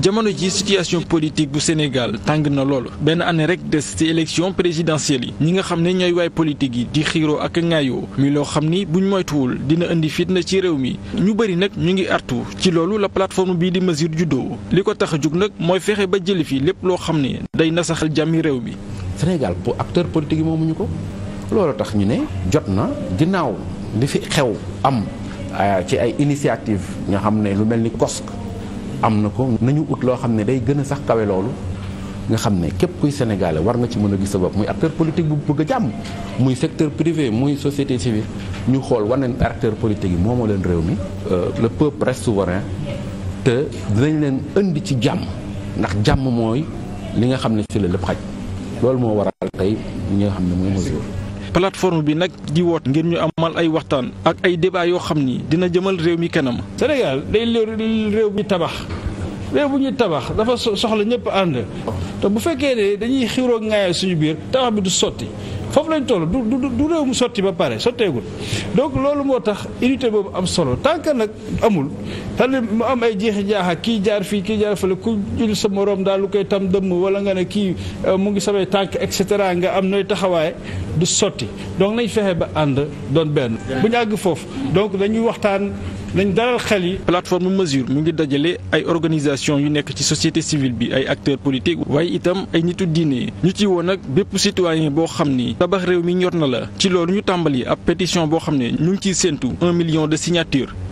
jamono ji situation politique bu Sénégal tàng na loolu benn année rek des ci élection présidentielle yi ñi nga xam ne ñooy waay politique yi di xiiroo ak ŋaayoo mi loo xam ni buñ moytuwul dina indi fiit na ci réew mi ñu bëri nag ñu ngi artu ci loolu la plateforme bii di mesure juddoo li ko tax a jug nag mooy fexe ba jëli fi lépp loo xam ne day nasaxal jàmmi réew mi. Sénégal bu acteur politique yi moomuñu ko loolu tax ñu ne jot na ginnaaw li fi xew am ah, ci ay initiative nga xam ne lu mel ni COSC. am na ko nañu ut loo xam ne day gën a sax kawe loolu nga xam ne képp kuy sénégalais war nga ci mën a gis sa bopp muy acteur politique bu bëgg a jàmm muy secteur privé muy société civile ñu xool waneen acteur politique yi moomoo leen réew mi euh, le peuple reste souverain te dinañ leen indi ci jàmm ndax jàmm mooy li nga xam ne si la lépp xaj loolu moo waral tey ñi nga xam ne mooy mesure plateforme bi nag di woot ngir ñu amal ay waxtaan ak ay débat yoo xam ni dina jëmal réew mi kanam. Sénégal day réew ñuy tabax. réew bu ñuy tabax dafa soxla ñëpp ànd te bu fekkee ne dañuy xiiroo ŋaayal suñu biir tabax bi du sotti. foofu lañ toll du du du réew mu sotti ba pare sotteegul donc loolu moo tax unité boobu am solo tant que nag amul xale mu am ay jeexi jaaxa kii jaar fii kii jaar fële ku jul sa morom daal lu koy tam dëmm wala nga ne kii euh, mu ngi samay tànk et cetera nga am nooy taxawaay du sotti donc nañ fexe ba ànd doon benn bu ñu àgg foofu donc dañuy waxtaan nañ dalal xel yi. plateforme mesure mu ngi dajale ay organisation yu nekk ci société civile bi ay acteurs politiques waaye itam ay nitu diine ñu ci woon nag bépp citoyen boo xam ni tabax réew mi ñor na la ci loolu ñu tàmbali ab pétition boo xam ne ñu ngi ciy séentu un million de signatures.